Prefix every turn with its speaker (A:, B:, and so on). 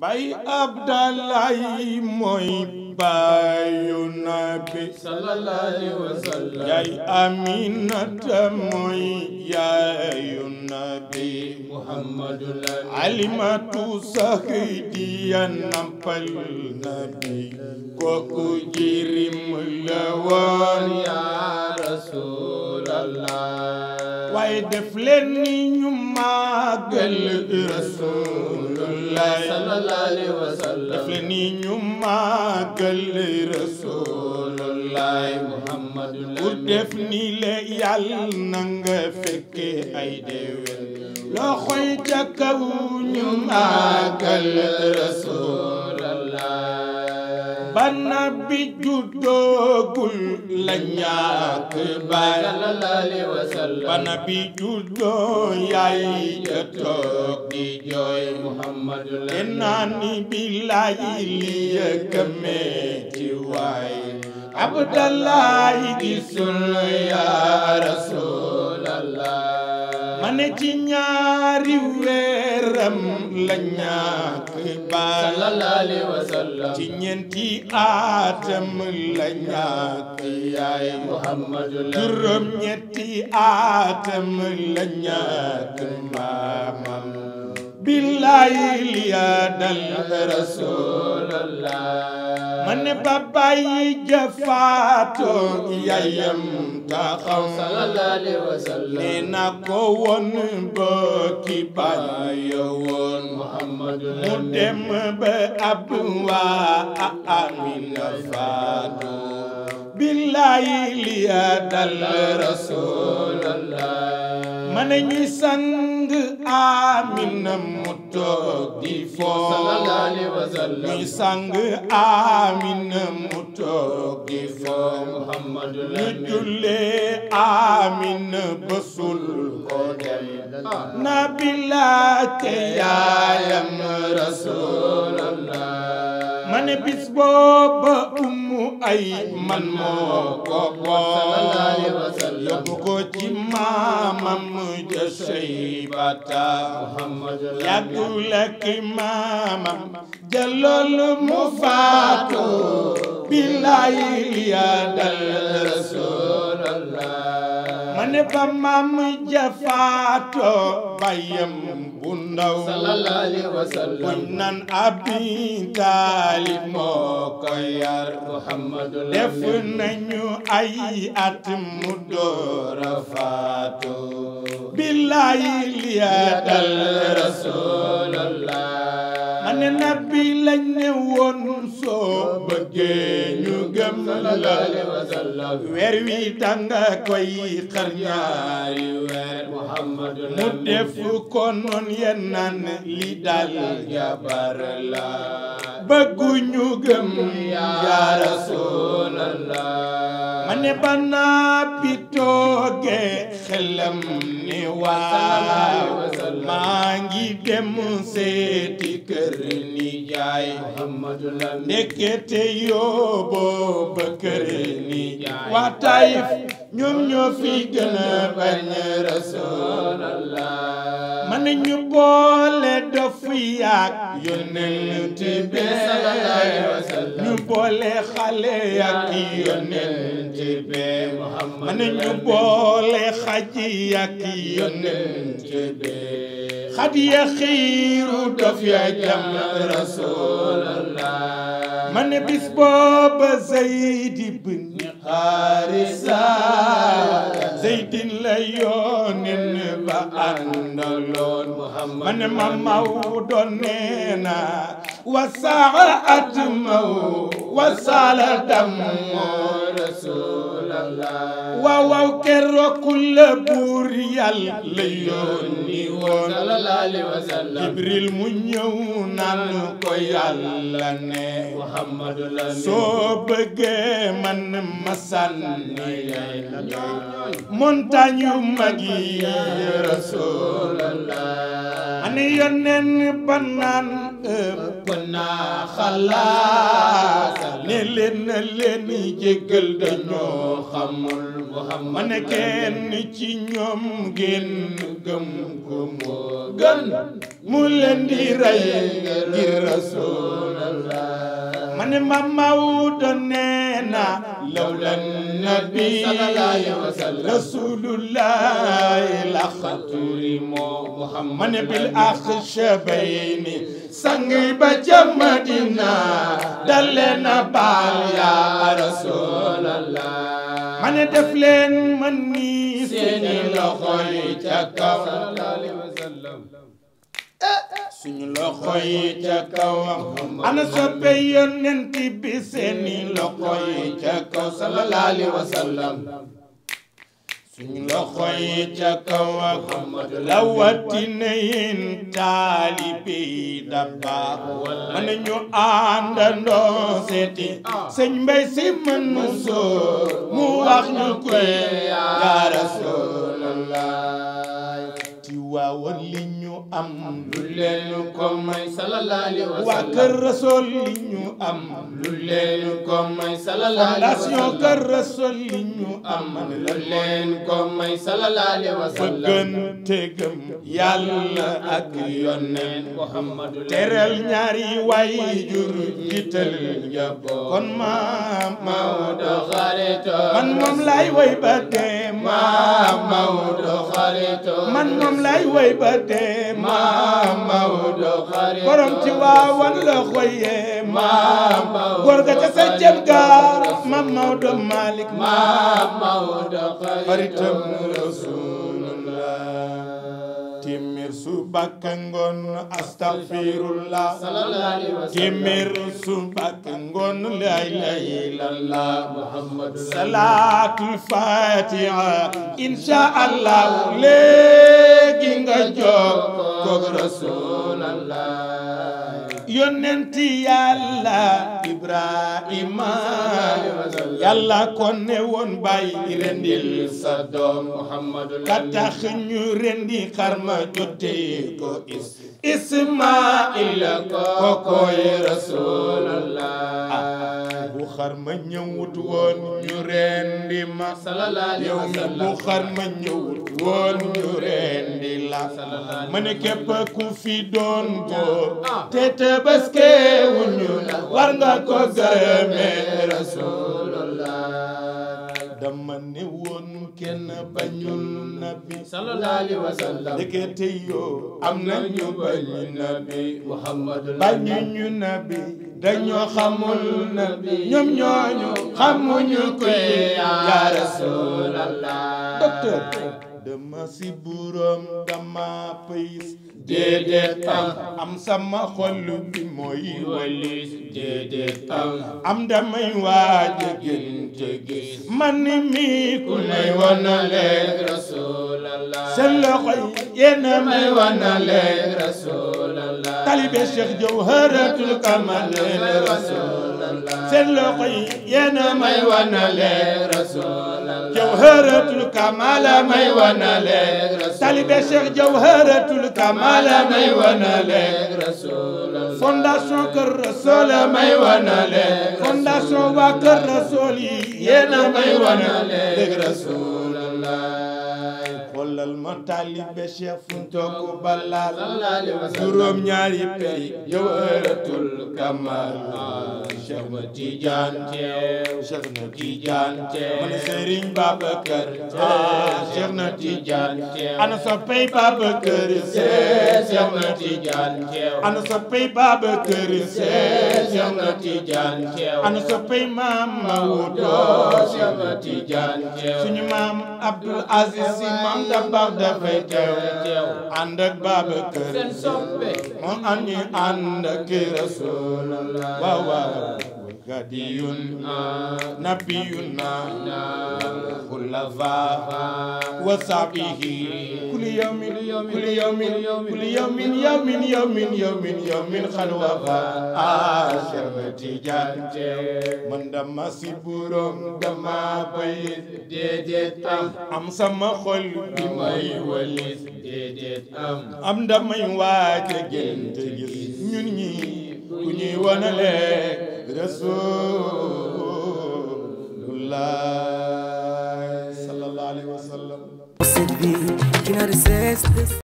A: bay Abdalaay mooy baayu nabi sallallahu alayhi wa sallam yaay Aminata mooy yaayu nabi Muhammadul Alimatu Saxidiya nampal nabi kooku jirim la woon yaa rasulallah waaye def leen ni ñu màggal rasulullah def leen ni ñu màggal rasulullah muhammadul ku def ni le yàlla na nga fekke ay déwén loxoy ca kaw ñu màggal rasulullah ba nabi juddoo kul la ñàkk baay ba nabi juddoo yaay ja toog di jooy muhammadu la te naani billaahi li yëkka metti waay abdallahi di sunu yaa rasuulallah ma ne ci ñaari weer ngërëm la ñàkk baay sallallahu alayhi ci ñeenti atam la ñàkk yaay billahi liya dal rasulullah man babay jafato yayam ta xam sallallahu ba ki mu dem ba abwa amina faatu billahi Amina mu toog bësul ko dem Nabila te yaayam Rasulallah ne bis ummu ay man moo ko boor yóbbu ko ci maamam ja Saybata yàggul ak maamam ja mu faatu billaay li dal Rasulallah mane ba maam jafaato bayam bu ndaw sallallahu nan abi moo ko def nañu ay at mu doora faato billahi ne nabi lañ ne woon soo bëggee ñu gëm la weer wi tànga koy xar weer mu def ko noon li dal jabar la bëggu yaa rasulallah ma ne banaa bi tooge xelam ni waa maa ngi dem seeti kër nijaay Muhammadu booba kër nijaay waa Taayif ñoom ñoo fi gën a bañ Rasulallah mën nañu boole dof yaak yonent bi ñu boole xale yaak yonent bi mën nañu boole xaj yaak yonent bi قد يخير دفيا جمع رسول الله من بسباب زيد بن حارسة زيد ليون بأندلون محمد من ممود نينا وساعة مو وسال دم رسول waaw waaw keroog la buur yàlla yónni woon jibril mu ñëw naan ko yàlla ne soo bëggee man ma sànni yu mag yi rasulallah ani yónneen ba naan naa xalaat ne leen na leen jéggal dañoo xamul Muhammad ma ne kenn ci ñoom ngeen mu leen di rey ngir Rasulallah ma ne Mame Maodo ne لنا لولا النبي صلى الله عليه وسلم رسول الله لخطر محمد بالأخشبين سنگ بچا مدينة دلنا بال يا رسول الله man def leen man nii seeni loxo yi ca kaw suñu loxo yi ca kaw ana soppe yonent bi seeni loxo ca kaw sallallahu alayhi wa sallam suñu loxo yi ca ñu àndandoo seeti sëñ mbay si mën mu sóor mu wax ñu koy am lu leenu ko may sallallahu alayhi wa sallam waa kër rasool li ñu am lu leenu ko may sallallahu alayhi wa sallam fondation kër rasool li ñu am lu leen ko may sallallahu alayhi wa sallam gën te gëm yàlla ak yoneen Muhammadu teral ñaari way jur jital njaboot kon maam Maodo xarito man moom lay way ba dee maam Maodo xarito man moom lay way ba dee maam Maodo xare borom ci waawan la xooyee maam téeméer suba ka ngoon astafirullah téeméer suba ka ngoon la ilaha illallah muhammad salatul fatiha insha allah léegi nga jóg koog rasulallah yonenti yàlla Ibrahima yàlla ko ne woon bàyyi rendil sa doom tax ñu rendi xar ma jote ko Ismail ko koy Rasulullah ah, bu xar ma ñëwut woon ñu rendi ma yow mi bu xar ma ñëwut woon ñu rendi la ma ne képp ku fi doon ah. góor te parce que wuñu la war nga ko gërëme rasulullah dama ne woon kenn bañul nabi sallallahu yoo am na ñu nabi muhammadul bañu nabi dañoo xamul nabi ñoom ñooñu xamuñu ko ya rasulallah si buuram dama pëyis déedéet al am sama xol bi mooy walis déedéet al am damay waaj a gën te gis man mi ku nay wana leen rasulallah seen loxo yi yéen a may wana leen rasulallah talibe Cheikh Jawharatul Kamal leen rasulallah seen loxo yi yéen a may wanale rasulallah jawharatul kamala may wanale rasulallah talibe cheikh jawharatul kamala may wanale rasulallah fondation kër rasul may wanale fondation waa kër rasul yi yéen a may wanale rasulallah balal ma taalibe Cheikh Funto ku ñaari pey jawharatul kamal Cheikh ma Tijaan teew Cheikh na Tijaan teew man Sëriñ ah, na Tijaan teew teew ana soppey Babakar Cheikh maam Mawdo Cheikh na Tijaan teew Abdul Aziz Si maam Dabakh dafay teew ànd ak Babacar moom am ñu ànd ak Rasulullah waaw هادي نبينا خلفاء وصحبه كل يوم كل يوم كل يوم يوم يوم يوم يوم خلوفا آشر تجان من دم سبورم دم بيت ديدت أم أم سما خل بمي وليس ديدت أم أم دم يواجه جنت جس نيني كني ونالك rasulullah sallallahu alayhi wa sallam